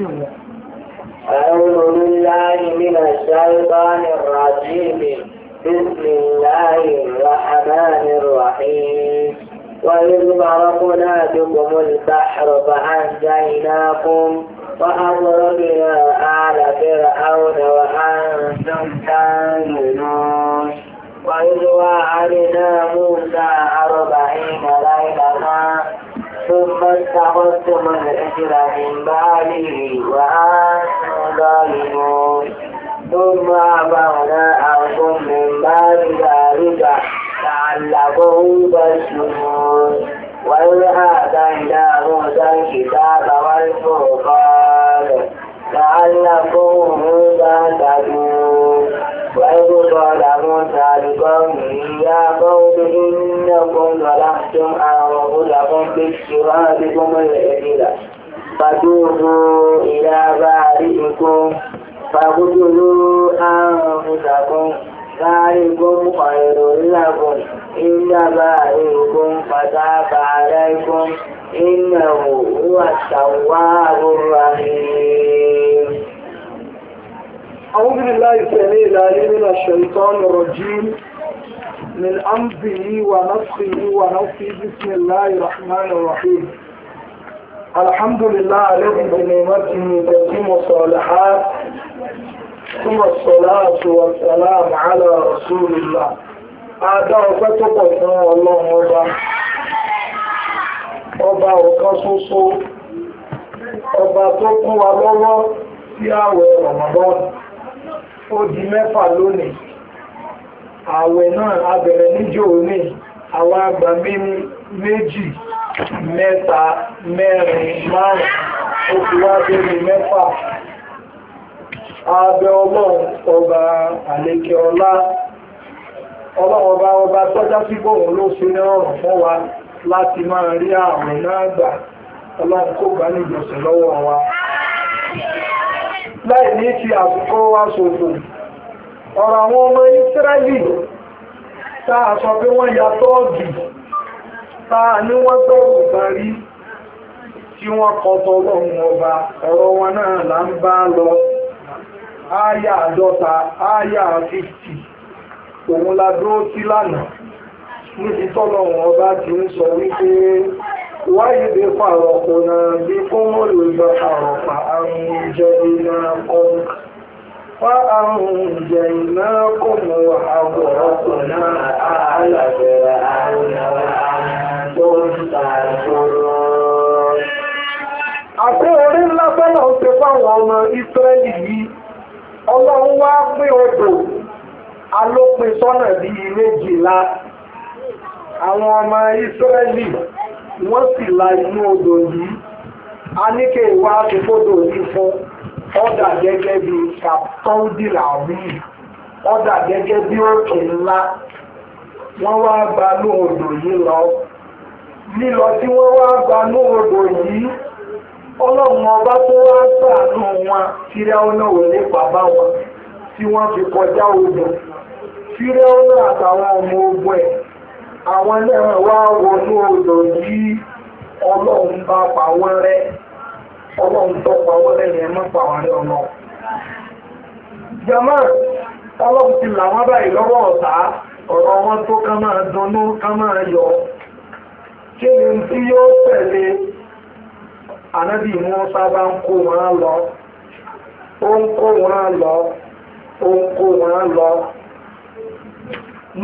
أعوذ بالله من الشيطان الرجيم بسم الله الرحمن الرحيم وإذ غرقنا بكم البحر فأنجيناكم وأغرقنا آل فرعون وأنتم تنظرون وإذ وعدنا موسى أربعين ليلة ثم اتخذتم العجل من بعده وأنتم ظالمون ثم عبرنا عنكم من بعد ذلك لعلكم تشكرون وإذ آتينا موسى الكتاب والفرقان لعلكم تهتدون وإذ قال موسى لقومه يا قوم إنكم ظلمتم أنفسكم باجتهادكم الإبل فتوبوا إلى بارئكم فاقتلوا أنفسكم ذلكم خير لكم إن بارئكم فتاب عليكم إنه هو التواب الرحيم أعوذ بالله السميع العليم من الشيطان الرجيم من أمضه ونفخه ونفخه بسم الله الرحمن الرحيم الحمد لله الذي بنعمته تتم الصالحات ثم الصلاة والسلام على رسول الله Adá ọpẹ́ الله أبا أبا ọlọ́run أبا ọba ọ̀kan ṣoṣo, ọba tó ó di mẹ́fà lónìí náà abẹ̀rẹ̀ níjọ́ òní àwọn àgbà méjì mẹ́ta mẹ́rin márùn ó fi mẹ́fà abẹ ọlọ́run ọba àlékè ọlá ọba ọba tọ́já sí bóun ló ṣe ní fún wa láti máa rí ààwẹ̀ náà gbà ọlọ́run kó gbà lọ́wọ́ wa. láì ní ti àsìkò wa ṣòfò ọ̀rọ̀ àwọn ọmọ Ísírẹ́lì tá a sọ pé wọ́n ya tọ́ọ̀gì tá ní wọ́n gbọ́rù parí tí wọ́n kọtọ ọlọ́run ọba ọ̀rọ̀ wọn náà là ń bá lọ áyà àdọ́ta áyà 50 òun la dúró sí lánàá níbi tọ́lọ́run ọba ti ń sọ wípé وإذ فرقنا بكم البحر فأنجيناكم فأنجيناكم وأغرقنا آل فرعون وأنتم تنظرون Àpé orí ńlá bọ́lá ń pe fáwọn ọmọ Ísírẹ́lì yìí, ọlọ́run wá pín odò, alópin sọ́nà bíi méjìlá. Àwọn ọmọ Ísírẹ́lì wọ́n sì la inú odò yìí a ní kí ìwà àtìfódò yìí fún ọ̀dà gẹ́gẹ́ bí kàtọ́ndìlà rí ọ̀dà gẹ́gẹ́ bí òkè ńlá wọ́n wá gba inú odò yìí lọ lílọ tí wọ́n wá gba inú odò yìí ọlọ́run ọba tó wá ṣàánú wọn fíráúnà ò lè bàbá wọn tí wọ́n fi kọjá odò fíráúnà àtàwọn ọmọ ogun ẹ̀ àwọn náà wá wọnú odò yìí ọlọ́run bá pa wọ́n rẹ́ ọlọ́run tó pa wọ́n rẹ́ yẹn má pa wọ́n jama ọlọ́run ti báyìí lọ́wọ́ ọ̀tá ọ̀rọ̀ wọn tó ká máa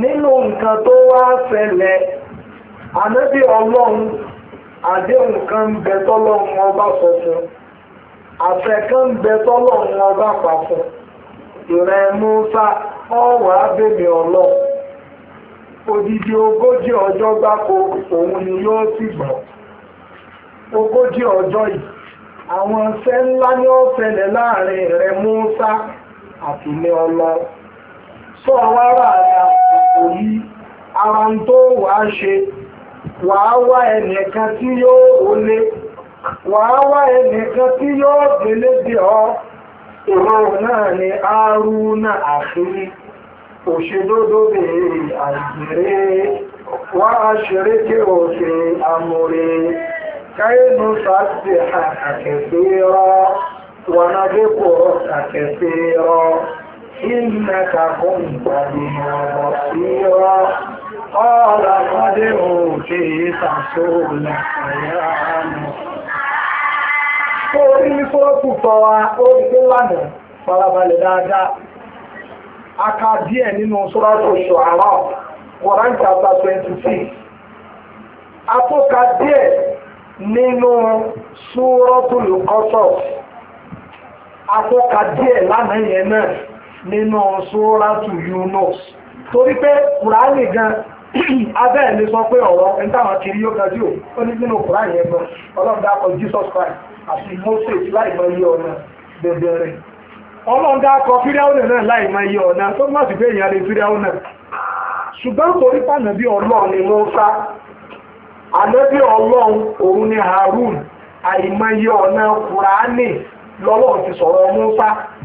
nínú nǹkan tó wá fẹlẹ̀ ànábì ọlọ́run àdéhùn kan ń bẹ tọ́lọ́run ọba sọ fún kan ń ọba pa fún abẹ́mi odidi ogójì ọjọ́ gbáko òun ni yóò sì gbọ́ ogójì ọjọ́ yìí àwọn ṣẹ́ ńlá ni ó fẹlẹ̀ láàrin àsìkò ara ń tó wàá ṣe wàá wá ẹnìkan tí yóò wọlé wàá wá ẹnìkan tí yóò délé dè ọ, ìrọ̀rùn náà ni Haruna àṣírí òṣèdódó bèèrè àṣírí wá aṣèré kí òṣè àmúrè káyínú sáàtì àkàkẹ́fẹ́ rọ kò إنك كنت بنا بصيرا قال قد أوتيت سؤلك يا موسى Orí ní fọ́ọ̀tù farabalẹ̀ dáadáa. A ka díẹ̀ nínú Quran chapter A tó ka díẹ̀ nínú A tó ka díẹ̀ yẹn náà. nínú sóràtù Yunus torí pé kùránì gan abẹ́ ẹ̀ sọ pé ọ̀rọ̀ ẹni kiri yóò ga jù ó ní nínú kùránì yẹn Jesus Christ àti Moses láì mọ iye ọ̀nà bẹ̀bẹ̀rẹ̀ ọlọ́run náà láì mọ iye ọ̀nà tó má sì pé èèyàn lè fíráúnà ṣùgbọ́n torí ni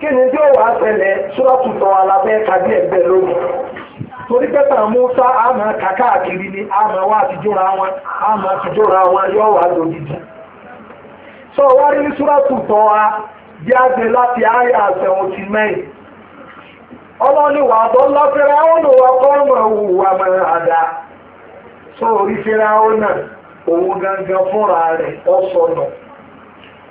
kí tí ó wàá ṣẹlẹ̀ ṣúrọ́tù tọ́ alábẹ́ kábí ẹgbẹ́ lónìí torí pẹ́tà Musa kàkàkiri ni àmọ́ wá àtijọ́ra wọn àmọ́ àtijọ́ra wọn yóò lòdìdì sọ wá rí ṣúrọ́tù tọ́ a jáde láti àyà seventy nine wà mọ́ àdá sọ orí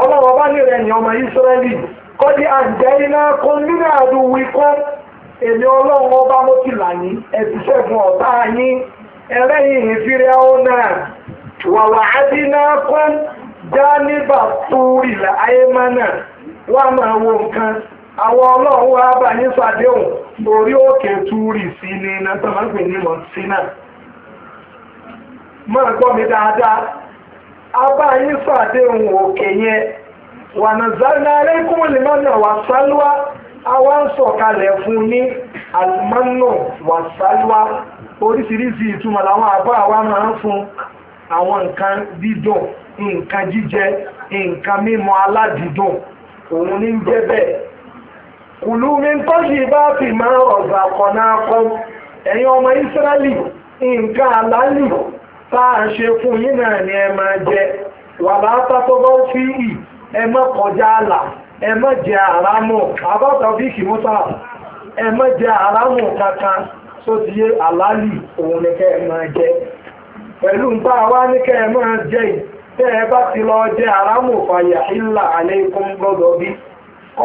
ọlọ́run ọba lè rẹ̀ ní ọmọ Ísírẹ́lì kọ́dí àjẹ́ iná kó nílẹ̀ àdúwí kó èmi ọlọ́run ọba mo ti là yín ẹ̀dùsẹ̀ ọ̀tá ẹlẹ́yìn wàwà ádínà kó mánà wà máa wo nǹkan àwọn sàdéhùn lórí òkè sí ní iná máa gbọ́ abá yín sàdéhùn òkè yẹn wà nàzánà na al-manna wà sálúwà àwa ń sọ̀kalẹ̀ fún ní al-manna wà sálúwà oríṣiríṣi ìtumọ̀ làwọn àbá àwa máa ń fún àwọn nǹkan dídùn nǹkan jíjẹ nǹkan mímu aládìídùn òun ní ń jẹ́ bẹ́ẹ̀ kùlù mi ń tọ́jú bá fi ọ̀zà kọ̀ọ̀nà kọ́ ẹ̀yin ọmọ ìsírẹ́lì nǹkan àlálì ta a ṣe fún yín náà ni ẹ máa jẹ fi ì ẹ kọjá àlà ẹ jẹ àrámù àbáta fíìkì mọ́tà ẹ jẹ àrámù kankan tó ti yé àlálì òun ni kẹ́ ẹ máa jẹ pẹ̀lú ni kẹ́ ẹ jẹ yìí tẹ́ ẹ bá ti jẹ àrámù fàyà ìlà àlẹ́ ikú gbọ́dọ̀ bí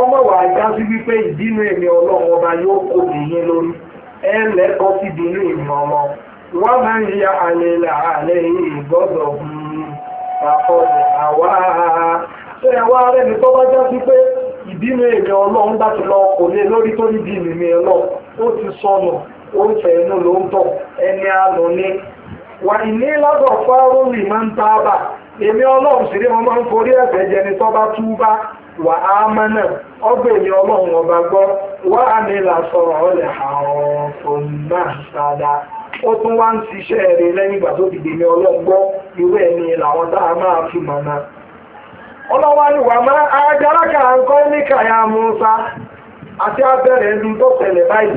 ọmọ já sí wípé ọlọ́run ọba yóò kó lórí ẹ wọ́n máa ń ya àlèlà àlè ìgbọ́dọ̀ àkọsẹ̀ ṣé wá tó bá já sí pé ìbínú èèyàn ọlọ́run bá ti lọ lórí tó ní bí ìmìmì ó ti sọnù ó ń ló ń tọ̀ ní wà ní lábọ̀ ń ta bà ọlọ́run sì rí máa ń forí ẹ̀fẹ̀ jẹni tó bá tú bá wà á ó tún wá ń ṣiṣẹ́ rẹ̀ lẹ́yìn ìgbà tó iwe dèmi ọlọ́gbọ́ irú làwọn tá a máa fi mọ̀ náà ọlọ́wà wà máa ya musa àti abẹ́rẹ̀ ẹni tó báyìí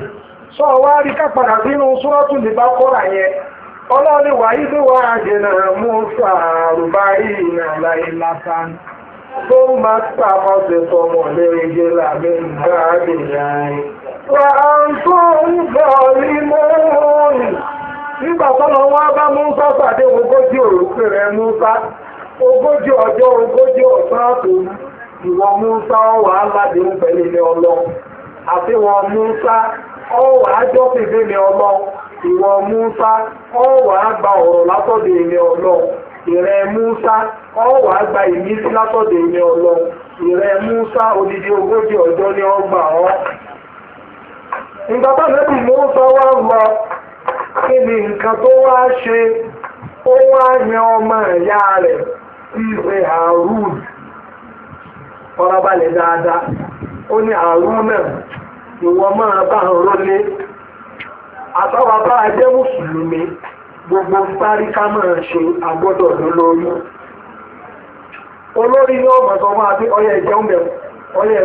sọ wá rí kápadà sínú súrọ́tù lè bá kọ́ra yẹn ọlọ́ni wà wà àrùbá tó máa tọmọ wà á nígbà tọ́lọ wọn bá Mùsá pàdé ogójì òrùkú rẹ̀ Mùsá ogójì ọjọ́ ogójì ọ̀sán àtòrú iwọ Mùsá ọwà aládìrún pẹ̀lú ilé ọlọ àti wọn Mùsá ọwà ajọ́ ọlọ ìwọ Mùsá ọwà àgbà ọ̀rọ̀ ọlọ ọwà àgbà ìmísí odidi ogójì ọjọ́ ni ọgbà ọ. kí ni nǹkan tó wá ṣe ó wá yan ọmọ ìyá rẹ̀ ìwé Harun fọlábalẹ̀ dáadáa ó ní Harun náà ìwọ máa bá ń rólé àtọ́wà bá mùsùlùmí gbogbo parí ká máa ṣe agbọ́dọ̀ lólórí olórí ní ọmọ máa bí ọyẹ ọmọ ọyẹ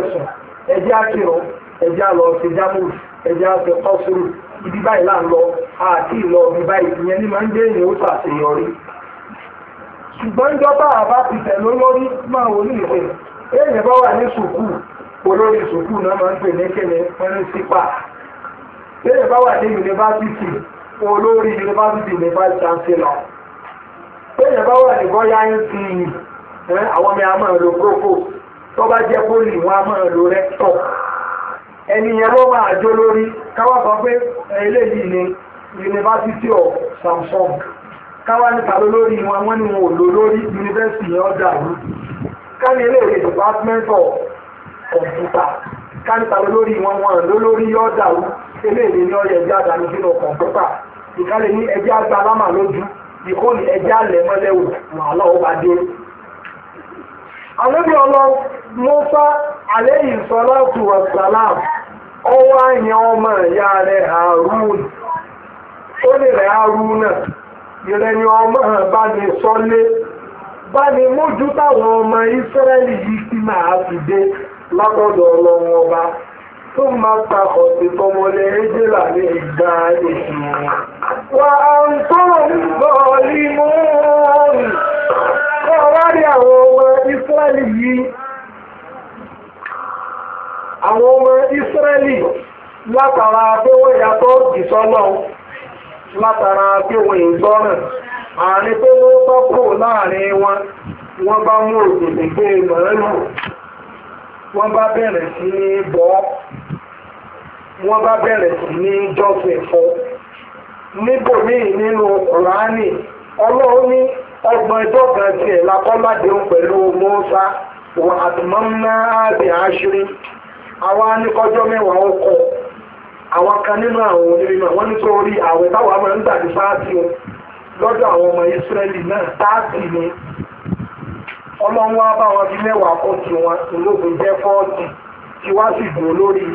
ẹ̀sùn ibi báyìí là ń lọ àti ìlọ ibi báyìí ìyẹn ní máa ń dé èèyàn ó ṣàṣeyọrí ṣùgbọ́n ìjọba àbá ti tẹ̀ lólórí máa wò ní ìpè èèyàn bá wà ní sùkúù olórí sùkúù náà máa ń pè ní kéde pírínsípà èèyàn bá wà ní yunifásitì olórí yunifásitì ní vice chancellor èèyàn bá wà ní bọ́yá nce àwọn ọmọ yà máa lo tó bá jẹ́ pólì wọn á máa lo rector ẹni ló máa jó lórí káwá sọ pé eléyìí ni University of Samsung káwá ní ta ló lórí wọn wọn ni wọn ò lò lórí yunifásitì yẹn ọjà yìí ká ní eléyìí department of computer ká ní ta ló lórí wọn wọn lò lórí ọjà yìí eléyìí ni ọyẹ ẹjẹ àdáni sínú kọ̀ǹpútà ìkálẹ̀ ní ẹjẹ àgbà lámà lójú ìkóni ẹjẹ àlẹ̀ mọ́lẹ́wò wàhálà ọba dé àlébí ọlọ́ mọ́fá àlẹ́yìn sọ́lá tù wà sàlám Ọwa anyị ọma ìyá rẹ̀ Harun ó lè na bá ní sọ́lé bá ní mójú táwọn ọmọ yìí ti máa l'akọdụ ọba tó máa ta ọ̀sẹ̀ tọmọlẹ̀ ẹ́jẹ̀là ní wa ń tó ń bọ̀ límú àwọn ọmọ Ísírẹ́lì látara pé wọ́n yàtọ̀ ìsọ́nà látara pé wọ́n ìgbọ́ràn àárín tó ló tọ́kù láàrin wọn wọ́n bá mú òkèlè pé mọ̀ọ́lù wọ́n bá bẹ̀rẹ̀ sí ní bọ́ wọ́n bá bẹ̀rẹ̀ sí ní jọ́sìn fún níbòmíì nínú Kùránì ọlọ́run ní ọgbọ̀n ẹjọ́ kan tiẹ̀ lakọ́ládéhùn pẹ̀lú Mùsá wà àtùmọ́ná àbí àṣírí àwọn anìkọjọ́ mẹ́wàá ọkọ̀ àwọn kan nínú àwọn onímọ̀ wọ́n nítorí àwẹ̀ táwọn máa ń gbà ní o lọ́dọ̀ àwọn ọmọ ìsírẹ́lì náà sáàtì ni ọlọ́run bá wọn bí mẹ́wàá kó tiwọn ológun jẹ́ fọ́ọ̀tì tí wá sì dùn lórí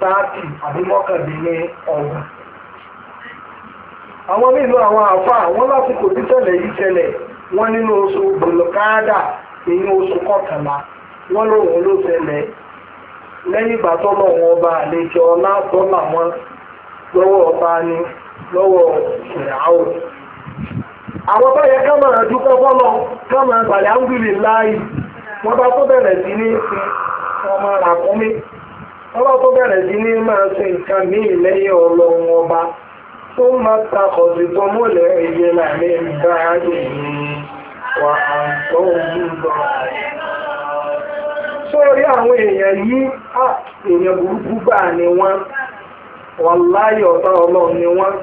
sáàtì àbí mọ́kàndínlé ọ̀gbọ̀n. àwọn mélòó àwọn àáfàá wọn lásìkò títẹ̀lẹ̀ yìí tẹ̀lẹ̀ wọn nínú oṣù èyí oṣù kọkànlá wọn lẹ́yìn ìgbà tọ́lọ̀ wọn ọba àlejò ọlá tọ́lá wọn lọ́wọ́ ọba ni lọ́wọ́ ìràwọ̀. àwọn bá yẹ ká máa dúpẹ́ fọ́lọ́ ká máa gbàlẹ́ áńgìlì láàyè wọ́n bá tó bẹ̀rẹ̀ sí ní fi ọmọ ràkúnmí wọ́n bá tó bẹ̀rẹ̀ sí ní máa ṣe nǹkan míì lẹ́yìn ọlọ́run ọba tó máa ta ọ̀sẹ̀ tó múlẹ̀ ẹ̀yẹ láàrin ìgbà ayé yìí wà á tó ń bọ̀ sórí àwọn èèyàn yìí èèyàn burúkú gbà ni wọ́n wàláyé ọ̀tá ọlọ́run ni wọ́n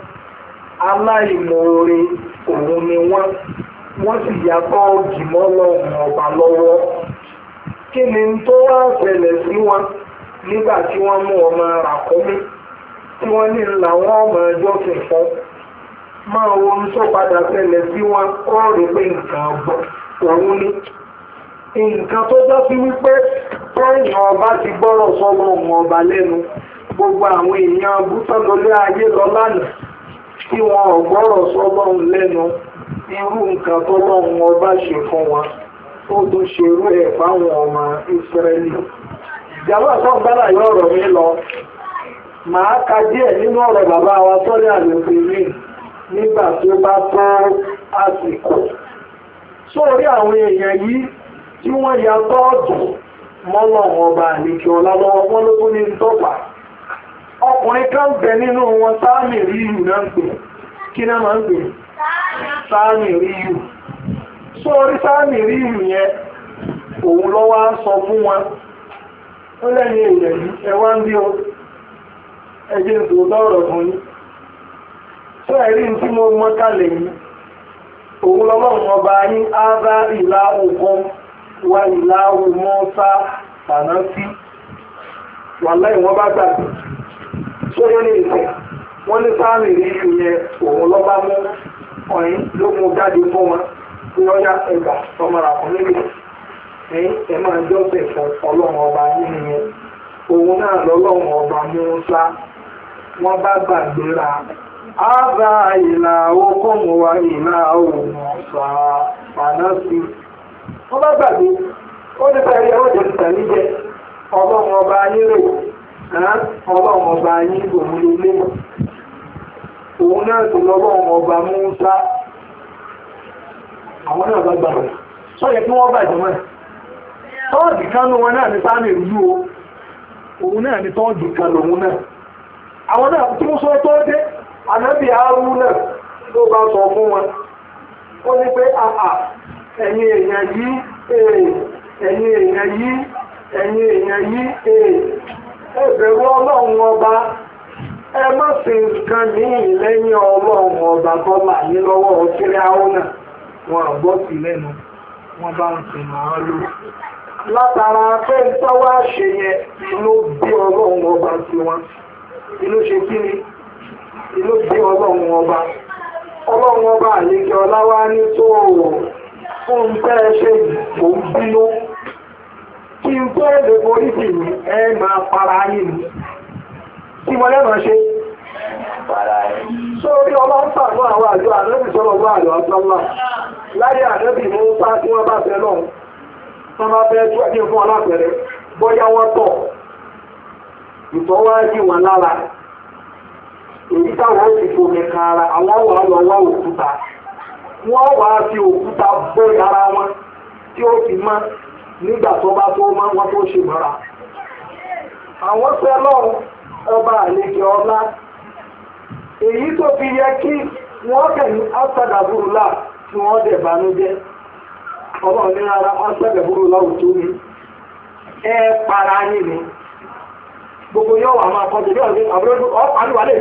aláìmoore òun ni wọ́n wọ́n sì yàtọ̀ jìmọ́ lọ́rùn ọba lọ́wọ́ kí ni tó wá ṣẹlẹ̀ sí wọn nígbà tí wọ́n mú ọmọ ràkúnmí tí wọ́n ní làwọn ọmọ ẹjọ́ sì fọ́ máa wo ohun tó padà ṣẹlẹ̀ sí wọn kọ́ pé nǹkan ọgbọ́n òun ni. nǹkan tó já sí wípé tẹ́yìn ọba ti gbọ́rọ̀ sọ́gbọ́n ọmọ ọba lẹ́nu gbogbo àwọn èèyàn bútọ́lólé ayé lọ lánàá tí wọn ò gbọ́rọ̀ sọ́gbọ́n lẹ́nu irú nǹkan tó lọ́hùn ọba ṣe fún wọn ó tún ṣerú ẹ̀ fáwọn ọmọ ìsírẹ́lì ìjàmbá sọ́n gbára yọ ọ̀rọ̀ lọ màá ka díẹ̀ nínú ọ̀rọ̀ bàbá wa sọ́lé àlòfin mi nígbà tó bá tó àsìkò sórí àwọn èèyàn yìí tí wọ́n ya tọ́ọ̀tù mọ́lọ̀ wọn bá àlejò ọ̀la ló tó ní tọ́pà ọkùnrin kan bẹ nínú wọn sáàmì ríyù náà ń pè kí náà máa ń pè sáàmì ríyù sọ sáàmì ríyù yẹn òun lọ́wọ́ á sọ fún wọn ó lẹ́yìn èèyàn yìí ń bí fún yín sọ ẹ̀rí tí mo mọ́ yìí wá ìláwò mọ́sá fànáfí wàláì wọ́n bá gbàgbé sórí ní ìfẹ́ wọ́n ní sáàmì rí ìyẹn òun lọ́ bá mú ọ̀yìn ló mú jáde fún wọn tí wọ́n yá ẹgbà tọmọra fún nílé ní ẹ máa jọ́sẹ̀ fún ọlọ́run ọba nínú yẹn òun náà lọ́lọ́run ọba mọ́sá wọ́n bá gbàgbéra ábà ìlà okòmùwà ìlà òun ọ̀sà fànáfí. Ọba bá gbàgbé ó ní sáré ẹ̀rọ ìjọ ọlọ́run ọba yín ọlọ́run ọba anyị òun lè òun náà tó lọ́lọ́run ọba Mùsá àwọn náà bá gbà sọ yẹ kí wọ́n tọ́ọ̀dì wọn náà ní sáàmì o òun náà ní tọ́ọ̀dì náà àwọn náà tí sọ arú ẹ̀yin èèyàn yìí ẹ̀yin èèyàn yìí ẹ bẹ̀rù ọlọ́run ọba ẹ má sì nǹkan míì lẹ́yìn ọlọ́run ọba bọ́lá yín lọ́wọ́ ọ̀kẹ́rẹ́ àwọn wọn àgbọ́ sí lẹ́nu wọn bá ń sìn máa lò látara pé tọ́wọ́ àṣẹ yẹn inú bí ọlọ́run ọba sí wọn inú ṣe kí ni inú bí ọlọ́run ọba ọlọ́run ọba àlejò ọláwá ní tó òòrùn. fún tẹ́ ẹ ṣe ìgbò ń bínú kí n tó lè borí sí ní ẹ máa para ayé mi kí mo lẹ́mọ̀ ṣe sórí ọmọ ń pàdé àwọn àjọ ànábì sọ́rọ̀ wọ́n àjọ àjọ́lá láyé ànábì mú sá tí wọ́n bá fẹ́ lọ́hùn wọ́n bá fẹ́ tí wọ́n ní fún alápẹ̀rẹ̀ bóyá wọ́n tọ̀ ìtọ́wájú wà lára èyí táwọn ó ti fòmìnkà ara àwọn àwọn àwọn òkúta wọ́n wá fi òkúta bó ara wọn tí ó fi mọ́ nígbà tó bá tó wọ́n tó ṣe mọ́ra. àwọn sẹ́lọ̀n ọba àlejò ọlá èyí tó fi yẹ kí wọ́n kẹ̀yìn tí wọ́n dẹ̀ bànújẹ́ ní rárá ásàdàbúrúlà ò tó mi ẹ para yín ni gbogbo yóò wà máa bí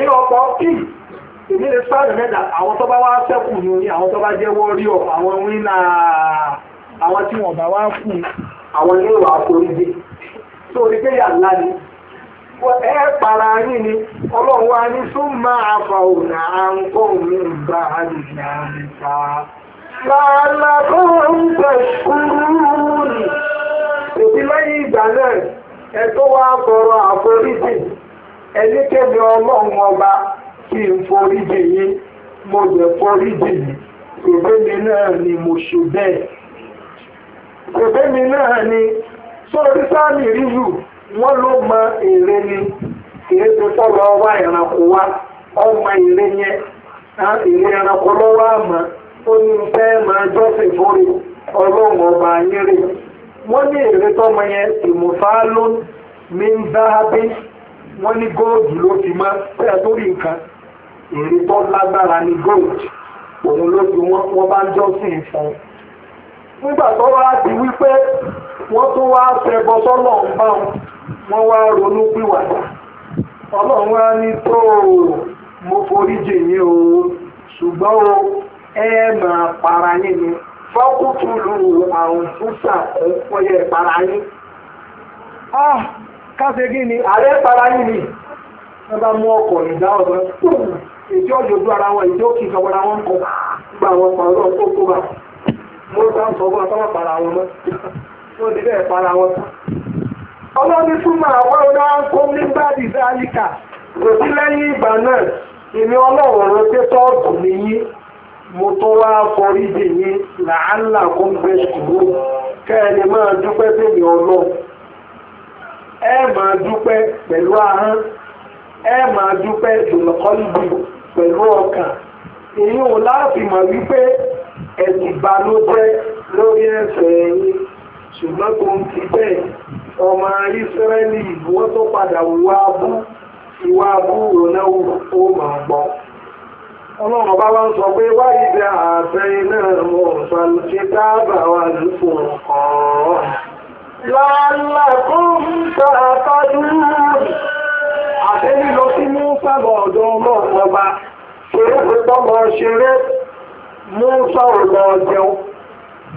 àbúrò kíì. ìdí ni sáàdì mẹ́ta àwọn tó bá wá ní ni àwọn tó jẹ́ wọ́rí wọ́ríọ̀ àwọn wínà àwọn tí wọ́n bá wá àwọn ilé ìwà àforíjì tó orí pé yà ńlá ni ẹ para yín ni ọlọ́run wa ní ìgbà náà ẹ tó wá àforíjì ọlọ́run ọba kí n forí jì yín mo jẹ́ forí jì yín náà ni mo ṣe bẹ́ẹ̀ náà ni sórí sáàmì ríru wọ́n ló mọ èrè ni kìí ṣe ọrụ ọwá ìrànkò wa ọmọ èrè yẹn èrè ìrànkò lọ́wọ́ àmọ́ ó ní fẹ́ máa jọ́sìn ọlọ́run ọba ayérè wọ́n ní èrè tọ́mọ yẹn ló ní ń wọ́n ní góòdù ló èrè tó lágbára ní gold òun ló fi wọ́n bá ń jọ́sìn fún un nígbà tó wá di wípé wọ́n tó wá ṣẹbọ sọ́nà ọ̀gbà wọn wá ronú pìwàdà ọlọ́run wá ní tó o mo forí jì yín o ṣùgbọ́n o ẹ máa para yín ni fọ́kùtùlù àrùn fúsà ń yẹ para yín. Ah, káṣe kí ni ààrẹ para yín ni wọ́n bá mú ọkọ̀ ìdá ọ̀dọ́ ìdí òjòjú ara wọn ìdí òkè ìjọwọ́ra wọn kọ gba àwọn ọkọ̀ ọ̀rọ̀ tó bá ń sọ wọn mọ́ ti bẹ́ẹ̀ wọn tán. ọlọ́ni kó nígbà àyíká kò sí lẹ́yìn ìgbà náà ọlọ́run rẹ pé tọ́ọ̀tù yín mo tó wá forí dè yín làálà kó ń gbé sùúrù kẹ́ẹ̀ni máa dúpẹ́ ọlọ́run ẹ máa dúpẹ́ pẹ̀lú ahọ́n. ẹ máa dúpẹ́ ìdùnnàkọ́lùbì pẹ̀lú ọkàn èyí ò láti mọ̀ wípé ẹ̀sùn ìbànújẹ́ lórí ẹ̀ṣẹ̀ yìí ṣùgbọ́n tó ń ti bẹ́ẹ̀ ọmọ ìsírẹ́lì ìbúwọ́ tó padà wá bú ìwà àbúrò náà ó máa gbọ́ ọlọ́run bá wá ń sọ pé wá ìdí àtẹ́yìn náà mọ̀ ṣàlùkí dáàbà wà lùfò ọ̀ọ́ lálàkùn tààtàdúró àbẹ́ lílọ sí mú sábọ̀ ọ̀dọ̀ ọlọ́run ọba ṣeré pé tọ́mọ ṣeré mú sọ̀rọ̀ lọ jẹun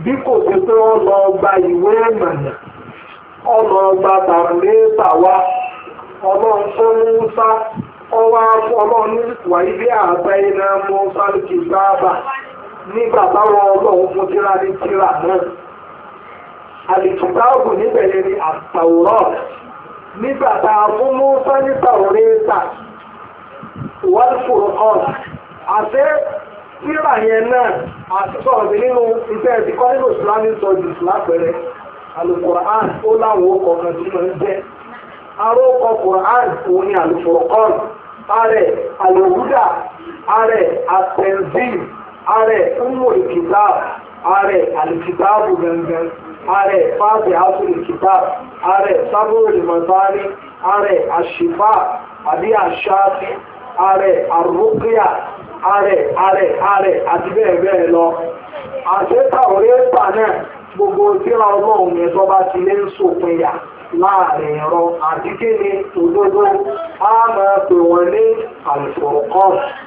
bí kò sí pé wọ́n lọ gba ìwé ìmọ̀nà ọ̀nà ọba tàbílẹ́tà wa ọlọ́run tó mú sá ọwọ́ ọlọ́run wàyí bí àgbáyé náà mú sáré kì nígbà táwọn ọlọ́run fún tíra ní tíra náà àlìkùtà ọ̀gùn níbẹ̀ yẹn ni àtàwòrán nígbà tá a fún Musa ní Tàwọ́rẹ́tà wọ́n fòrò kan àṣẹ síra yẹn náà àtúntò ọ̀sẹ̀ nínú iṣẹ́ ẹ̀sìn kọ́ nínú Islamic studies lápẹ̀rẹ̀ alukur'an ó láwọn ọkọ̀ kan tí wọ́n ń jẹ́ arókọ̀ kur'an òun ni alufurqan ààrẹ alòwúdà ààrẹ àtẹ̀ǹdì are àlùkìtàbù gangan ààrẹ fáàbì àtúlùkìtàbù ààrẹ sábúrò mọ̀tání are àṣìfà àbí àṣáàfì are àrùkíyà are are are ati bẹ́ẹ̀ bẹ́ẹ̀ lọ àṣetàwọ̀ náà gbogbo tíra ọlọ́run yẹn tó ti lé ń sòpin yà láàrin ẹ̀rọ àti kéde òdodo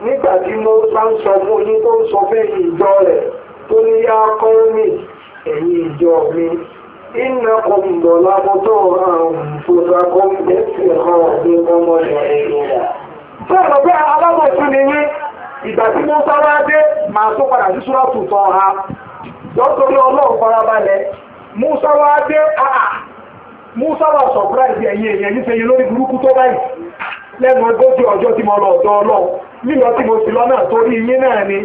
nígbà tí mo bá ń sọ fún tó ń sọ ìjọ rẹ̀ tó ní yá kọ́ mi ìjọ mi iná kọ̀mùbọ̀ lábọ́tọ̀ àrùn fòsàkọ́ ẹ̀sìn kan ní ọmọ alábọ̀tún ni ìgbà tí mo dé tó padà sí ha Musa wà sọ̀práìsì ẹ̀yìn èèyàn ní sẹ́yìn lórí burúkú tó báyìí lẹ́nu ogójì ọjọ́ tí mo lọ ọ̀dọ̀ ọlọ́run lílọ tí mo sì lọ́nà torí náà ni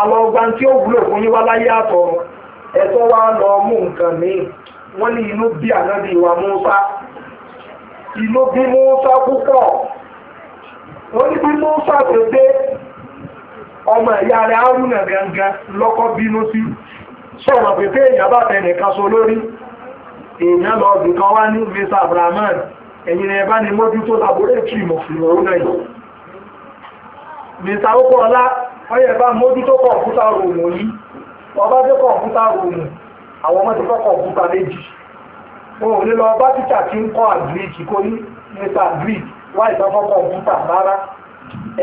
àwọn tí ó wúlò fún láyé àtọ̀. ẹ̀tọ́ wa lọ mú nǹkan wọ́n ní inú bí ànábì Musa inú bí Musa púpọ̀ ní Musa tó ọmọ ìyá rẹ̀ gangan lọ́kọ́ bínú sí sọ̀rọ̀ èèyàn lọ ọdún kan wá ní mr brahman ẹ̀yìn ẹ̀ bá ní mójú tó laboratory mọ̀fìmọ̀ ó náà yìí mr okola ọyẹ̀ bá mójú tó kọ̀ǹpútà rùmù yìí ọba dé kọ̀ǹpútà rùmù àwọn ọmọ ti kọ́ kọ̀ǹpútà méjì wọn ò lè lọ bá títà tí ń kọ́ àgbèjì kó ní mr greek wá ìtọ́kọ́ kọ̀ǹpútà rárá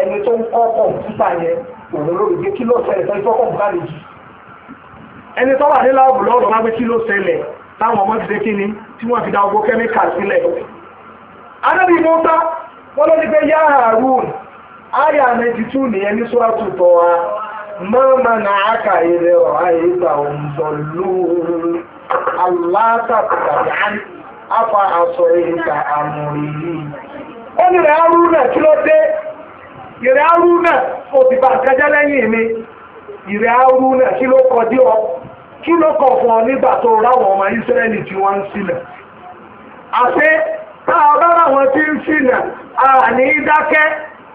ẹni tó ń kọ́ kọ̀ǹpútà yẹn òun ló gbé kí ló ṣẹlẹ̀ tó ń kọ́ kọ̀ǹpútà méjì ẹni tó wà ní láàbù lọ́rùn táwọn ọmọ ti dé kíni tí wọ́n fi da ogbó kẹ́míkà sílẹ̀. anábì mọ́tà wọ́n ló ya ha yá A àyà ninety two nìyẹn ní sọ́ọ̀tù tọ́ wa mọ́ọ̀mọ́ náà àkà ilẹ̀ ìrẹ̀ lẹ́yìn mi ìrẹ̀ kí ló ọ. kí ló kọ̀ fún ọ ọmọ Ísírẹ́lì tí wọ́n ń sílẹ̀ àṣẹ tá a tí ń sílẹ̀ a ní ìdákẹ́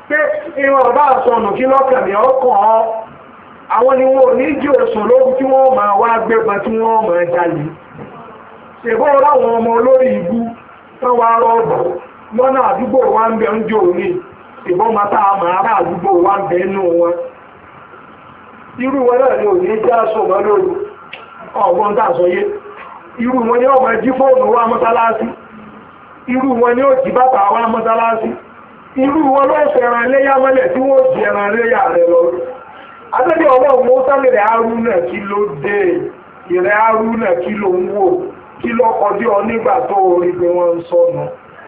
pé ìwọ̀n bá sọnù kí lọ́kàn mi ọkàn àwọn ni wọn ní jí òsùn lóhun tí wọ́n máa wá tí wọ́n máa jalè ọmọ olórí ibú tán wá rọ́ọ̀bù lọ́nà àdúgbò wa ń bẹ máa tá a máa rà àdúgbò ń bẹ wọn irú wọn náà ni já ọ̀gbọ́n tàà sọ yé irú wọn ni ó máa jí fóònù wá mọ́sálásí irú wọn ni ó jí bàtà wá mọ́sálásí irú wọn ló ṣe ẹran léyà mọ́lẹ̀ tí wọ́n jí ẹran léyà rẹ lọ adẹ́dẹ́ ọwọ́ òun ó sáré rẹ̀ kí ló dé ìrẹ́ arúnà kí ló ń wò kí ló ọ nígbà tó orí pé wọ́n ń sọnù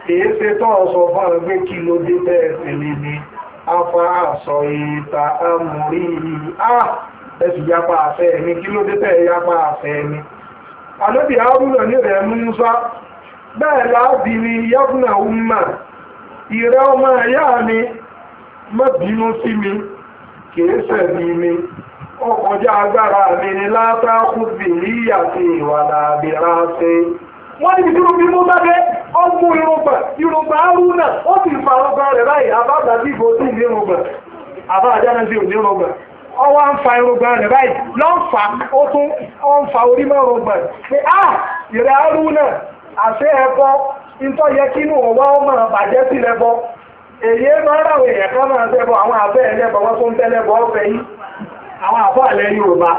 èyí sọ fún kí ló dé bẹ́ẹ̀ sí ni afa ìta ah! ẹ̀sùn yapa àṣẹ mi kí ló dé tẹ̀ yapa àṣẹ mi. ànábì haruna ní rẹ̀ Musa bẹ́ẹ̀ láàbì ni yabuna umma ìrẹ́ ọmọ ẹ̀yà mi má bínú sí mi kìí sẹ̀bi mi ọkọjá agbára mi ni látàkùnbì níyàtì ìwàlà àbírà ṣe wọ́n níbi tí rúbí mú dáké ọgbó irúgbà irúgbà arúnà ó sì fa ọgbà rẹ̀ báyìí àbá àgbàdìbò sí ìdí irúgbà àbá àjánà sí òní Ọwọ ń fa irùngbọ̀n rẹ̀ báyìí ló ń fa ó tún fa orí pé ah, á arú náà àṣẹ yẹ kí inú ọwọ́ ó máa bàjẹ́ sí èyí ráwọ̀ èèyàn kan máa àwọn wọ́n tó ń ọ̀fẹ́ yìí àwọn àbọ̀ Yorùbá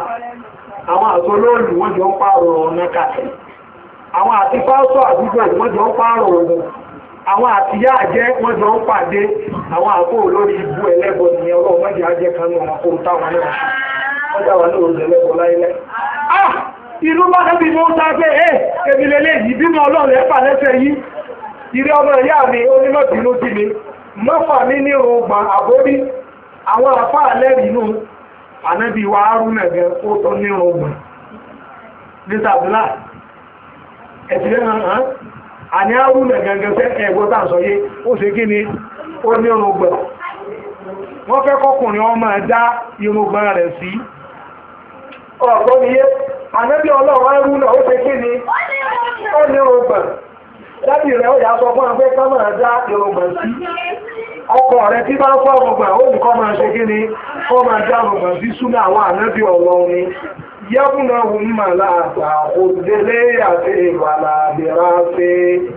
àwọn àtolóòlù wọ́n jọ ń pààrọ̀ ọ̀nà àwọn àti àdúgbò wọ́n jọ ń àwọn àtìyá àjẹ́ wọ́n jọ ń pàdé àwọn àpò olórí ibú ẹlẹ́bọ nìyẹn ọlọ́run mọ́jì ajẹ́ kan ní ọmọ kóun táwọn náà wọ́n dá wà ní òòlù ẹlẹ́bọ láyélẹ́. ìlú mọ́tẹ́bí ló ń sá pé ẹ́ eh! èmi lélẹ́ yìí bímọ ọlọ́run ẹ̀fà lẹ́sẹ̀ yìí ìrẹ́ ọmọ ìyá mi onímọ̀bínú sí mi mọ́fà mi ní ògbà àbórí àwọn àpá àlẹ́rìí nù ànábì wa arúnà gan ó tọ́ ní ògbà nígbà àní àrùnlẹ̀ gẹ̀gẹ̀ fẹ́ ẹ̀gbọ́n tà sọ yé ó ṣe kí ni ó ní irùngbọ̀n wọ́n fẹ́ kọkùnrin ọmọ ẹ̀dá irùngbọ̀n rẹ̀ sí ọ̀gbọ́n ni yé ànábì ọlọ́run àrùnlẹ̀ ó ṣe kí ni ó ní sọ fún يبنهم لا تأخذ بليتي ولا براسي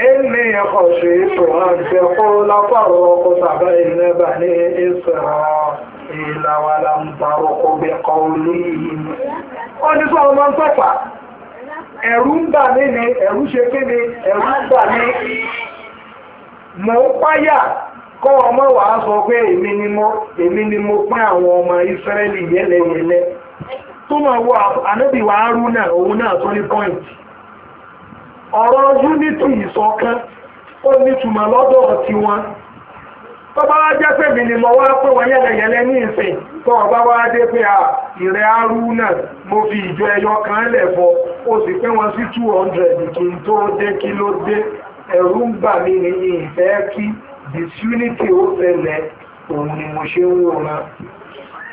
إني خشيت أن تقول فرقت بين بني إسرائيل ولم ترق بقولهم أني سوى من صفى ẹ̀rù ń bà mí ni ẹ̀rù ṣe kí ni ẹ̀rù ń bà mí mò ń páyà kọ́ ọmọ wàá sọ pé èmi ni mo pín àwọn ọmọ Ísírẹ́lì yẹ́lẹyẹ̀lẹ́ tó máa wọ ànábì wa Haruna òun náà tó ní point ọ̀rọ̀ unity ìṣọ̀kan ó nítumọ̀ lọ́dọ̀ tiwọn tọ́ba wá jẹ́ pé mi wá pé wọ́n ní ìsìn ọba wá dé pé à ìrẹ́ mo fi ìjọ ẹyọ kan lẹ̀ o sì pé wọ́n sí 200 kí n tó dé kí ló dé ẹ̀rù ń bà mí ní ìfẹ́ kí disunity ó fẹlẹ̀ òun ni mo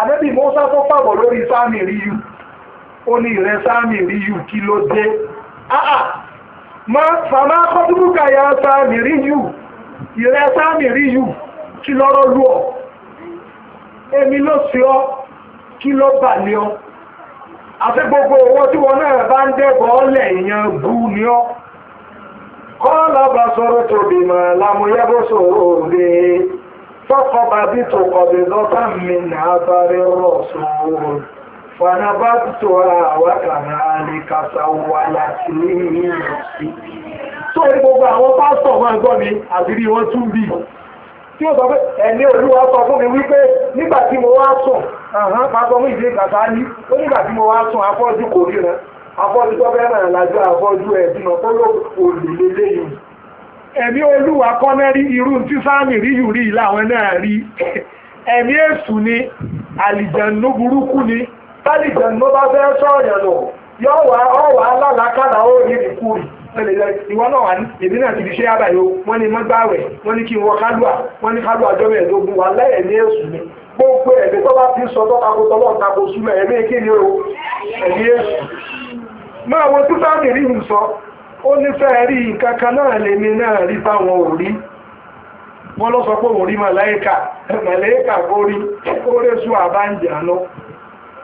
àbẹ́bí mọ́sá tó pàbọ̀ lórí sáàmì ríyù ó ní ìrẹ́ sáàmì ríyù kí ló dé àà fàmá kọ́túbùkà ya sáàmì ríyù ìrẹ́ sáàmì ríyù kí lọ́rọ́ lú ọ èmi ló sí ọ kí ló bà ní ọ àti gbogbo owó tí wọn náà bá ń dẹ́bọ̀ ọ́lẹ̀ èèyàn bú ní ọ kọ́ lọ́ba sọ̀rọ̀ tòbí mọ̀ làmúyẹ́bọ̀ sọ̀rọ̀ òde فقبضت قبضة من أثر الرسول فنبذتها وكذلك سولت لي نفسي sórí gbogbo àwọn pásítọ̀ máa gbọ́ mi àdírí wọn tún bí tí ó sọ pé ẹ̀mí olúwa sọ fún mi wípé nígbà tí mo wá sùn pásọ̀ mú ìdílé kàtà ní ó nígbà tí mo wá sùn afọ́jú kò ríran afọ́jú tó fẹ́ràn afọ́jú tó ẹ̀mí olúwa kọ́nẹ́rí irú tí sáàmì rí yù rí àwọn náà rí ẹ̀mí esu ni àlìjẹ̀nú ni tálìjẹ̀nú bá fẹ́ sọ̀yàn lò yóò ọ̀wà alálàkàrà ó rí ìkú rí ìwọ náà wà ní náà ti fi ṣe àbàyò wọ́n ní kí n wọ kálùà kálùà wà ní ni gbogbo tó bá ti sọ ó nífẹ̀ẹ́ rí nǹkan kan náà lèmi náà rí táwọn ò rí wọ́n lọ sọ pé òun rí màláìkà màláìkà kó rí kó rẹ́sù àbájáná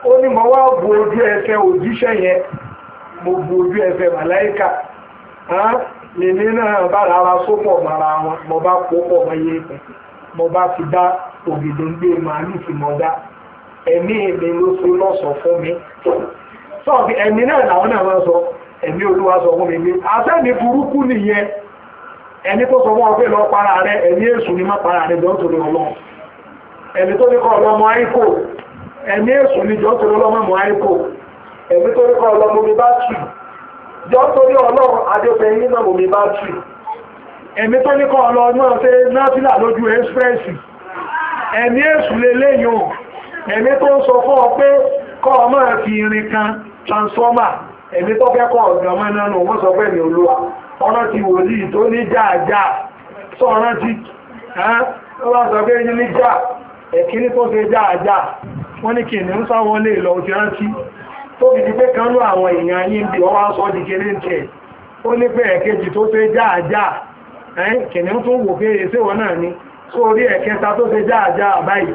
ó ní mo wá bu ojú ẹsẹ̀ òjíṣẹ́ yẹn mo bu ojú ẹsẹ̀ màláìkà lèmi náà bá rárá sópọ̀ mara wọn mo bá kó pọ̀ mọ́ yé pẹ̀ mo bá ti dá ògìdì gbé màálù tí mo dá ẹ̀mí mi ló ṣe lọ́sọ̀ fún mi sọ́ọ̀bì ẹ̀mí náà làwọn náà máa sọ ẹ̀mí olúwa sọ fún mi pé àtẹ́ni burúkú nìyẹn ẹni tó sọ fún ọ pé lọ para rẹ ẹ̀mí èṣù ni má para rẹ jọ́ torí ọlọ́run ẹ̀mí tó ní kọ́ ọlọ́mọ àìkò ẹ̀mí èṣù ni jọ́ torí ọlọ́mọ àìkò ẹ̀mí tó ní kọ́ ọlọ́mọ mi bá tù jọ́ torí ọlọ́run adébẹ̀yìn nínú ọmọ mi bá tù ẹ̀mí tó ní kọ́ ọlọ́mọ ṣe náfìlà lójú ẹ́sprẹ́sì ẹ̀mí èṣù lélẹ́yìn ẹ̀mí tó ń sọ fún ọ pé kọ́ ọmọ fi irin kan transformer ẹ̀mí tó fẹ́ kọ́ ọ̀gàn mọ́ nánú wọ́n sọ pé ní olúwa ọ̀nà ti wòlíì tó ní jáàjá sọ ọ̀nà ti ọ̀nà sọ pé ní já ẹ̀kíní tó fẹ́ jáàjá wọ́n ní kì ní ń sáwọn lè lọ ti rántí tó fi di pé kánú àwọn èèyàn yìí bí wọ́n wá sọ di kéré ń tẹ̀ ó ní pé ẹ̀kejì tó fẹ́ jáàjá kì ní tún wò pé èsè wọn náà ni sórí ẹ̀kẹta tó fẹ́ jáàjá báyìí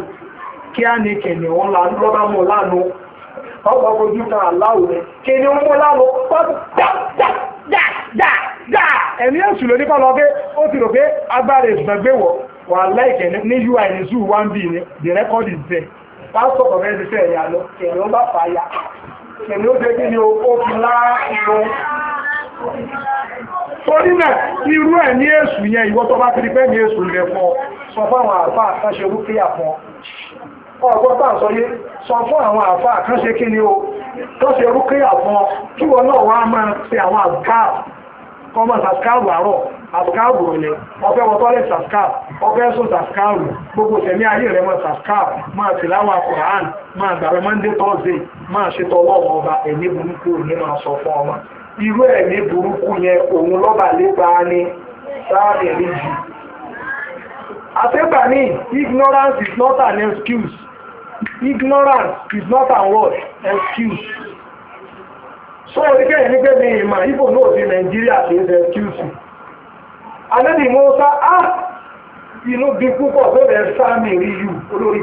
kí á ní kì ní wọn lọ́bàmù lánàá ọkọ̀ ojú kan aláwọ̀ rẹ̀ kí ni wọ́n mú láwọ̀ pọ́tù dáadáa ẹ̀mí èṣù ló ní kọ́ lọ pé ó ti rò pé agbára ìṣùgbọ́n gbé wọ̀ wà láìkẹ̀ ní ui ní zoo one b ní the record is there pásítọ̀ kọ̀ọ̀kan ti fẹ́ ẹ̀yà lọ kẹ̀mí ó bá fà á yà kẹ̀mí ó ṣe kí ni ó fi lára ìlú torí náà irú ẹ̀ ní èṣù yẹn ìwọ tó bá ti rí pẹ́ ní èṣù rẹ̀ fọ́ sọ fáwọn àlùfáà kan ṣe rúkìá fún ọgbọ́n tá à sọ fún àwọn àfa àkànṣe kí ni o tó ṣe rúkìá fún ọ kí wọn náà wá máa ṣe àwọn àbùkáàbù kọmọ sàskáàbù àárọ̀ àskáàbù rẹ̀ ọfẹ́ wọtọ́lẹ̀ sàskáàbù ọfẹ́ sùn gbogbo tẹ̀mí ayé rẹ̀ mọ́ sàskáàbù máa ọba ẹ̀mí burúkú ní sọ fún ní ignorance is not an excuse ignorance is not an word excuse so oríkẹ́ yìí ní pé mi ìmọ̀ ibo náà ti excuse alẹ́bí mọ́sá á inú bí púpọ̀ tó rẹ̀ sáàmì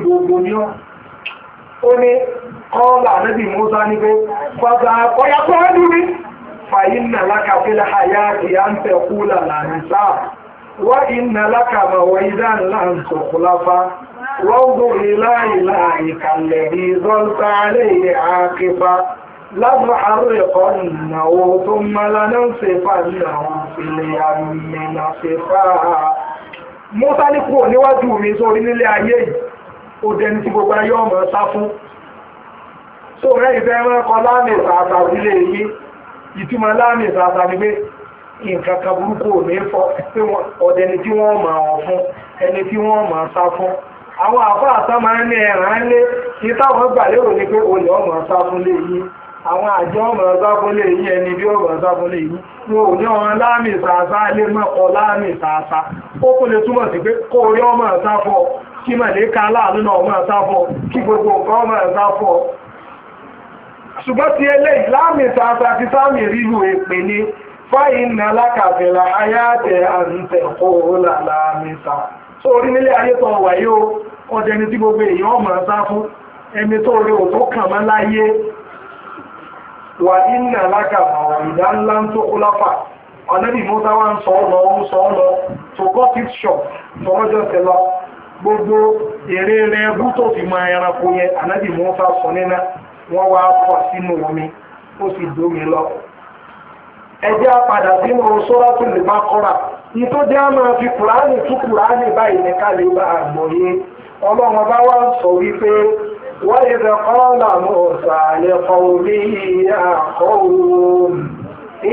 gbogbo ní ọ́ ó ní kọ́ọ̀lá alẹ́bí mọ́sá ní pé bàbá ọ̀yà tó wá dúrí fàyín nà lákàfẹ́lẹ́ àyà kì á ń tẹ̀kú làlàní sáà wá ìnà lákàmà وانظر إلى إلهك الذي ظلت عليه عاكفا لنحرقنه ثم لننصفنه في اليم نصفا Mọ́sá ní kúrò níwájú mi sórí nílé ayé yìí, ó dẹni tí gbogbo ayé ọmọ sá fún. Só rẹ̀ ìfẹ́ rẹ́kọ láàmì nǹkan kan burúkú ò ní fọ́ pé tí wọ́n máa wọ̀ fún, ẹni tí wọ́n máa sá fún. àwọn afọ àtọ́ máa ní ẹ̀ràn lé kí táwọn gbà lérò ni pé olè ọmọ ọ̀sá fún lè àwọn àjọ ọmọ ọ̀sá fún lè ẹni bí ọmọ ọ̀sá fún lè yí wọn ò o láàmì ìsàásá lè láàmì ìsàásá ó kún lè túmọ̀ sí pé kó orí ọmọ ọ̀sá fọ kí náà ọmọ ọ̀sá fọ kí gbogbo nǹkan ọmọ ọ̀sá fọ ṣùgbọ́n ti eléyìí láàmì ìsàásá ti sáàmì èpè fáyín ọdẹ ni tí gbogbo èèyàn ọmọ ọ̀sá fún ẹni tó rí òtó kàn mọ́ láyé wà nínú alákàmọ̀ ìdá ńlá tó kó láfà ọ̀nẹ́bí mọ́tà ń sọ ọ́nà ń sọ ọ́nà tó kọ́ tí ṣọ̀ lọ gbogbo èrè rẹ ẹbú tó fi mọ ẹranko yẹn ànábì mọ́tà sọ nínú wá sínú omi ó sì lọ ẹjẹ́ sínú fi kùránì tú kùránì báyìí ní ká lè bá ọlọ́run bá wá ń sọ wípé wọ́n yìí fẹ́ kọ́lá mú ọ̀sà orí àkọ́wò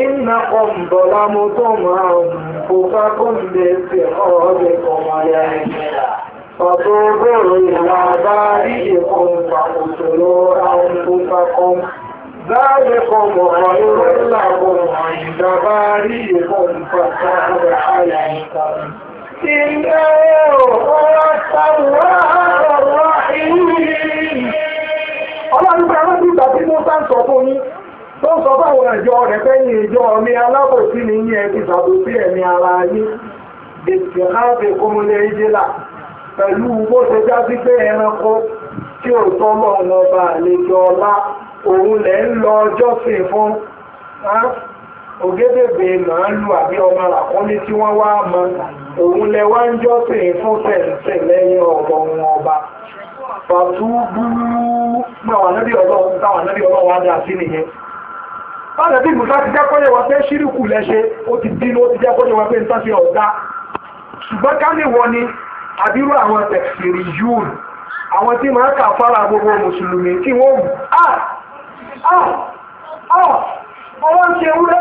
iná kan bọ̀lá mú tó máa ń kó fákún lè fi ọ̀rẹ́ kọ̀ọ̀mọ́ yá Ọ̀tọ́ bóòrò ìlà bá rí ìkọ̀ọ̀n pàkòtòrò àwọn tó fákún. Ọlọ́run bá rántí ìgbà tí mo bá ń sọ fún yín, tó ń sọ báwọn ẹ̀jọ́ rẹ̀ fẹ́yìn ìjọ mi alábòsí ni yín ẹ̀ ti sàbòsí ẹ̀mí ara yín. Bèsì láti kọmọlẹ̀ ìjẹ́là pẹ̀lú bó ṣe já sí pé ẹranko tí ò tọ́lọ̀ wọn bá àlejò ọlá òun lẹ̀ ń lọ ọjọ́ sí fún ògédèbè màálù àbí ọmọ àkọ́lé tí wọ́n wá mọ́ òun lẹ wá ń jọ́sìn fún tẹ̀sẹ̀ lẹ́yìn ọ̀bọ̀ wọn ọba fàtúbú náà ànábì ọlọ́run táwọn ànábì ọlọ́run wá dá sí nìyẹn báyọ̀ bí musa ti jẹ́ kọ́yẹ̀ wọn pé ṣírìkù lẹ́ṣẹ́ ó ti dín ó ti jẹ́ kọ́yẹ̀ wọn pé ń tọ́sí ọ̀dá ṣùgbọ́n ká ní wọ ni àbírú àwọn tẹ̀sìrì yúùn àwọn tí máa kà fara gbogbo mùsùlùmí kí wọ́n mú ah! Ah! Ah! ọwọ́ ń ṣe ewúrẹ́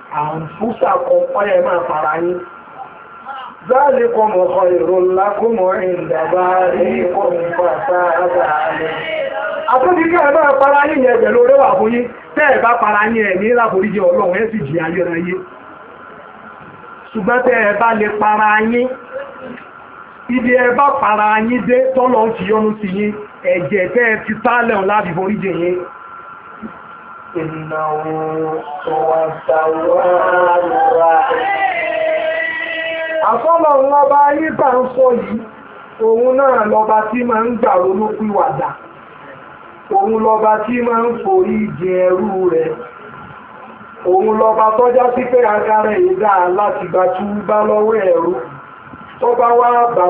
àǹfúsà kan ọyẹ máa fara yín. Záàlì kan mọ̀ kan èrò ńlá kó mọ̀ ìdàbà rí kọ̀ nípa àbáàlẹ̀. Àtúndì kí ẹ máa fara yín yẹn pẹ̀lú orí wà fún yín, tẹ́ ẹ bá fara yín ẹ̀mí láforíjì ọlọ́run para yín, ibi ẹ para yín dé tọ́lọ́ ti sí yín, ẹ̀jẹ̀ tẹ́ ti sálẹ̀ ọ̀ láti foríjì إنه هو التواب الرحيم àfọ́lọ̀ ńlọ́ba ayé bá ń sọ yìí òun náà lọba tí ma ń gbà ìwàdà. òun lọba tí ma ń rí jìn ẹrú rẹ̀ òun lọba tọ́já sí pé agara ìdá láti gbàtúbá lọ́wọ́ tọ́ba wá tó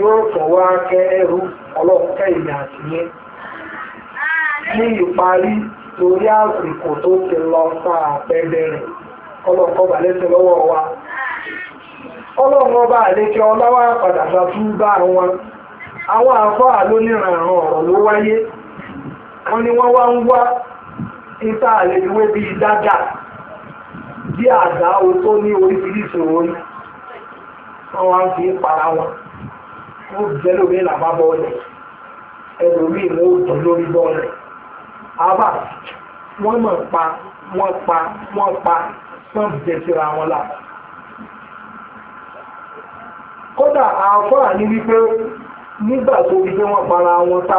yóò ẹrú ọlọ́kẹ́ ní ìparí torí àsìkò tó ti lọ sáà pẹ́bẹ̀rẹ̀ ọlọ́kọ̀ọ́bà lẹ́sẹ̀ lọ́wọ́ wa ọlọ́run ọba àlékẹ́ ọláwà padà ṣàtúbà wọn àwọn àfáà lóníranran ọ̀rọ̀ ló wáyé wọ́n ni wọ́n wá ń wá ìta àlèwé bí àdá o tó ní wá ń fi para wọn jẹ́ lómi ẹlòmíì àbá wọ́n mọ̀ pa wọ́n pa wọ́n pa wọ́n jẹ síra wọn la. kódà àáfàá ní wípé nígbà tó fi wọ́n para wọn ta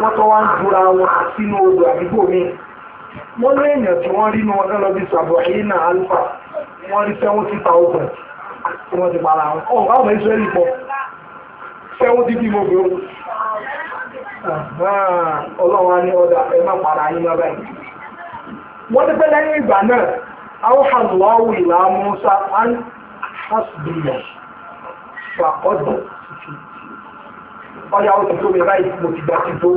wọ́n tó wá ń dúra wọn sínú odò àdúgbò mi wọ́n lé èèyàn tí wọ́n rí ní wọn lọ́bí sàbọ̀ ẹ̀yìn náà alfa wọ́n rí seventy thousand tí wọ́n ti para wọn. ọ̀ àwọn ìṣẹ́lẹ̀ pọ̀ seventy bí mo ọlọ́run á ní ọ̀dà ẹ má para yín lọ́bẹ̀. wọ́n ti pẹ́ lẹ́yìn ìgbà náà awọ́hàlọ́wù ìlà musa an hasbiya fàkọ́dọ̀ ọ̀yà oṣù tó mi báyìí mo ti gbà tító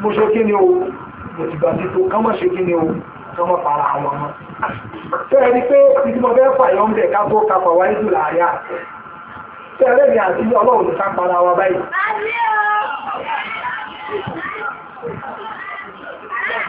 mo ṣe kí ni o mo ti gbà tító ká má ṣe kí ni o ká má para àwọn ọmọ. fẹ́ẹ̀ ni pé ìdí mo fẹ́ fàyọ̀ ń bẹ̀ ká jù láàyà fẹ́ẹ̀rẹ́ mi àti ọlọ́run ká para wa báyìí.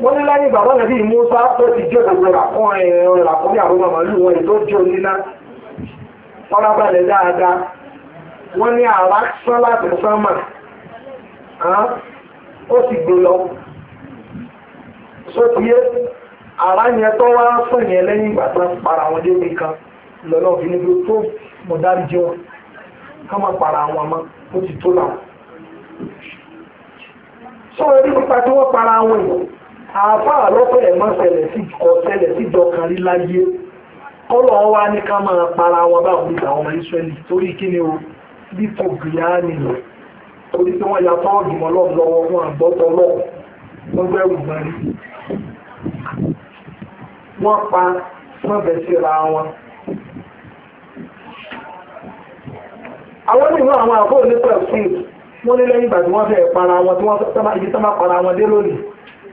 wọ́n ní láyé bàbá nàbí Musa tó ti jẹ́ gbogbo ràkún ẹ̀rọ ràkún ní àwọn màmàlú wọn tó jẹ́ oníná farabalẹ̀ dáadáa wọ́n ní àrá sán láti sánmà ó sì gbé lọ sótìyé àrá yẹn tó wá sàn yẹn lẹ́yìn ìgbà tó para wọn débi kan lọ́nà òfin níbi tó mọ̀ dárí jẹ́ wọn ká má para wọn mọ́ ó ti tó làwọn. sọ̀rọ̀ ní pípa tí wọ́n para wọn yìí àáfàá lọ́pọ̀ ẹ̀ má ṣẹlẹ̀ sí ọ̀ṣẹlẹ̀ síjọ kan rí láyé kọ́lọ̀ wa ní ká máa para wọn bá òun ìgbà ọmọ Ísírẹ́lì torí kí ni o bí kò gbìyà nìyẹn torí pé wọ́n ya tọ́ọ̀gì mọ́ lọ́wọ́ lọ́wọ́ wọn àgbọ́tọ̀ lọ́wọ́ wọ́n gbẹ́rù gbọ́n rí wọ́n pa wọ́n bẹ̀ síra wọn. àwọn nínú àwọn àbúrò nípa ẹ̀sìn wọ́n ní lẹ́yìn ìgbà tí wọ́n fẹ́ para wọn tí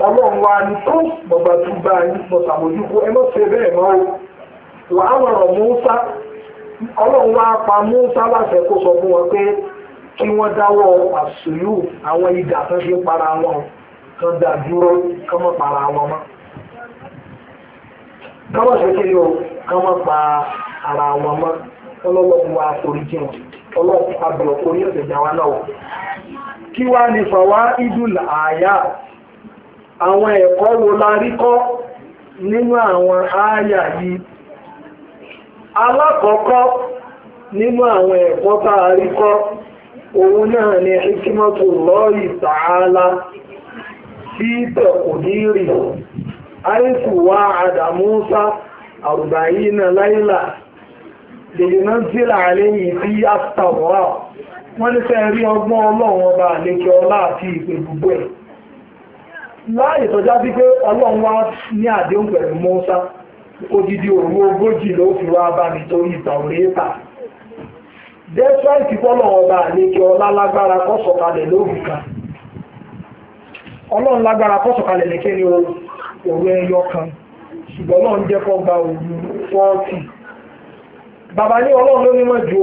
ọlọ́run wa ni tó bàbá tó bá yín sàmójúkú ẹ ṣe bẹ́ẹ̀ mọ́ o wà á wọ̀rọ̀ ọlọ́run wa pa láṣẹ kó sọ fún wọn pé kí wọ́n dáwọ́ àṣùlù àwọn tó fi para wọn kan dà dúró kán mọ́ para wọn pa ara wọn mọ́ ọlọ́run wa forí ọlọ́run jà wá náà kí ní àwọn ẹ̀kọ́ wo la rí kọ́ nínú àwọn ááyà yìí alákọ̀ọ́kọ́ nínú àwọn ẹ̀kọ́ tá a rí kọ́ òun náà ni hikimatu lọ́ọ̀rì tààlà sí tẹ̀kùdírì àìsù wa àdàmúsá àrùbáyí na láìlà lèyìnà sílà àléyìn wọ́n ní fẹ́ rí ọgbọ́n ọlọ́run ọba àlejò ọlá àti ìpè gbogbo ẹ̀ láàyè tọ́já sí pé ọlọ́run wá ní àdéhùn pẹ̀lú mọ́sá odidi ogójì ló fi wá bá mi torí ìtàwérétà dẹ́síwáìtì fọ́lọ̀ ọba àlékè ọlá kọ́sọ̀kalẹ̀ lóru kan ọlọ́run lágbára kọ́sọ̀kalẹ̀ lékè ní òru ẹyọ kan ṣùgbọ́n náà ń jẹ́ kọ́ gba òru fọ́ọ̀tì bàbá ní ọlọ́run ló nímọ̀ ju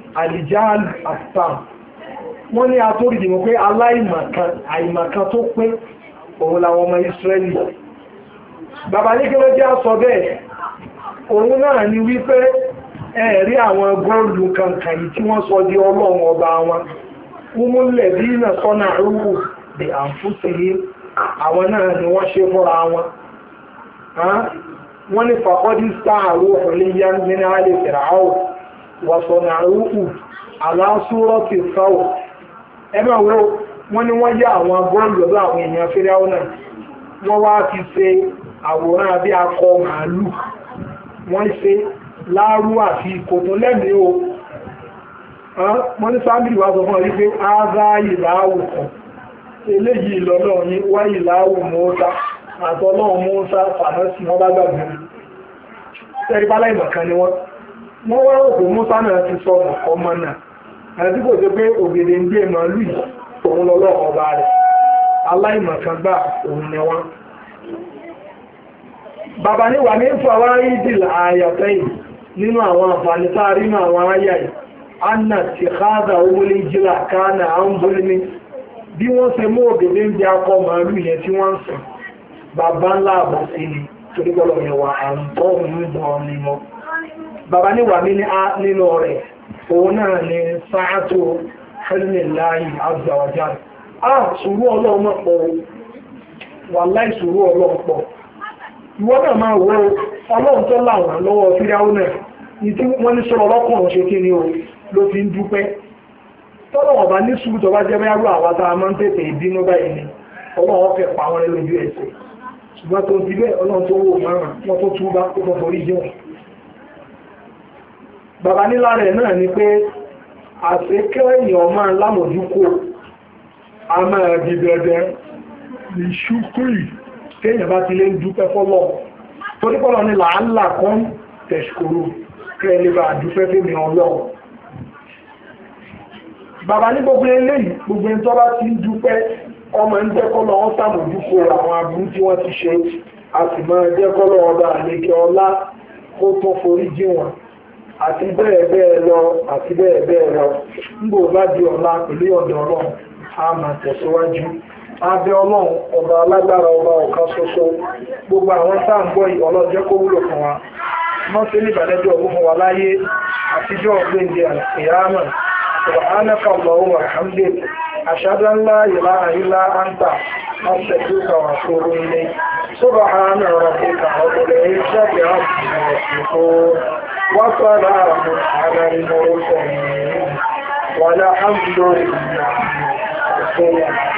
àlìjáàlì àtàm wọ́n ní atóríjì mọ̀ pé aláìmọ̀kan tó pé òun làwọn ọmọ israeli bàbá ní kí jẹ́ sọ bẹ́ẹ̀ òun náà ni wípé ẹ̀rí àwọn góòlù kankan yìí tí wọ́n sọ di ọlọ́run ọba wọn wúmúlẹ̀ bí iná sọ́nà ruru dị àǹfùsìlì àwọn náà ni wọ́n ṣe fúnra wọn wọ́n ní fàkọ́dí sáà ní wàsọ̀nà àrùkù aláṣúrọ́tì sáwọ̀ ẹgbẹ́ wo wọ́n ní wọ́n yá àwọn bọ́ọ̀lù ọ̀dọ́ àwọn èèyàn fẹ́rẹ́wọ́ náà wọ́n wá ti ṣe àwòrán bí akọ màálù wọ́n ṣe láàrú àti ìkòtò lẹ́mìí o wọ́n ní sábìlì wá sọ fún ọ wípé áádá ìlàáwù kan eléyìí lọ́nà yín wá ìlàáwù mọ́ta àtọ́nà mọ́ta fàánà sí wọ́n bá gbàgbé tẹ́rí bá láìmọ̀kan ni wọ́n wọ́n wá òkú musa náà ti sọ ọmọ náà àti kò ṣe pé ògèdè ń gbé màálù yìí òun ọba rẹ̀ aláìmọ̀kan òun ni wọ́n. bàbá ní wà ní nínú àwọn àǹfààní sáárí àwọn yìí anna ti káàdà owó lè à ń ní bí wọ́n ṣe mú ògèdè akọ màálù yẹn tí wọ́n ń bàbá ńlá ni torí yẹn wà bàbá ní wà mí nínú rẹ̀ òun náà ni sáàtò hẹ́lìláì àgbàwájá ah sùúrù ọlọ́run pọ̀ wà láì sùúrù ọlọ́run pọ̀ ìwọ náà máa wọ ọlọ́run tó làwọn lọ́wọ́ fíráwó náà ní tí wọ́n ní sọ̀rọ̀ ọlọ́kùnrin ṣe kí ni o ló fi ń dúpẹ́ tọ́lọ̀ ọ̀bá ní sùúrù tó bá jẹ́ bá yàrá àwọn tá a máa ń tètè ìbínú báyìí ni ọlọ́run fẹ́ pa wọn lójú ẹsẹ̀ ṣùgbọ́n tó ti bẹ́ẹ̀ ọlọ́run tó wò márùn-ún wọ́n tó túbá ó tó forí jẹ́ bàbá nílá rẹ̀ náà ni pé àṣekẹ́ èèyàn máa lámòjúkò a máa di dandan ìṣúkúrì kéèyàn bá ti lé ń dúpẹ́ fọ́lọ́ torí pọ́lọ́ ni làálà kan tẹ̀ṣkòrò kẹ́ẹ̀ lè bá dúpẹ́ fèmí ọlọ́run bàbá ní gbogbo eléyìí gbogbo ẹni tó bá ti ń dúpẹ́ ọmọ ń jẹ́ kọ́lọ́ wọn sàmójúkò àwọn aburú tí wọ́n ti ṣe a sì máa jẹ́ kọ́lọ́ ọba àlejò ọlá kó tó forí jì wọ́n àti bẹ́ẹ̀ bẹ́ẹ̀ lọ àti bẹ́ẹ̀ bẹ́ẹ̀ lọ nígbò bá di ọ̀la pẹ̀lú ọ̀dọ̀ ọlọ́run a máa tẹ̀síwájú abẹ́ ọlọ́run ọba alágbára ọba ọ̀kan ṣoṣo gbogbo àwọn tá yìí ọlọ́run kó wúlò fún wa wọ́n ṣe ní ọ̀gbọ́n fún wa láyé àtijọ́ وسلام على المرسلين والحمد لله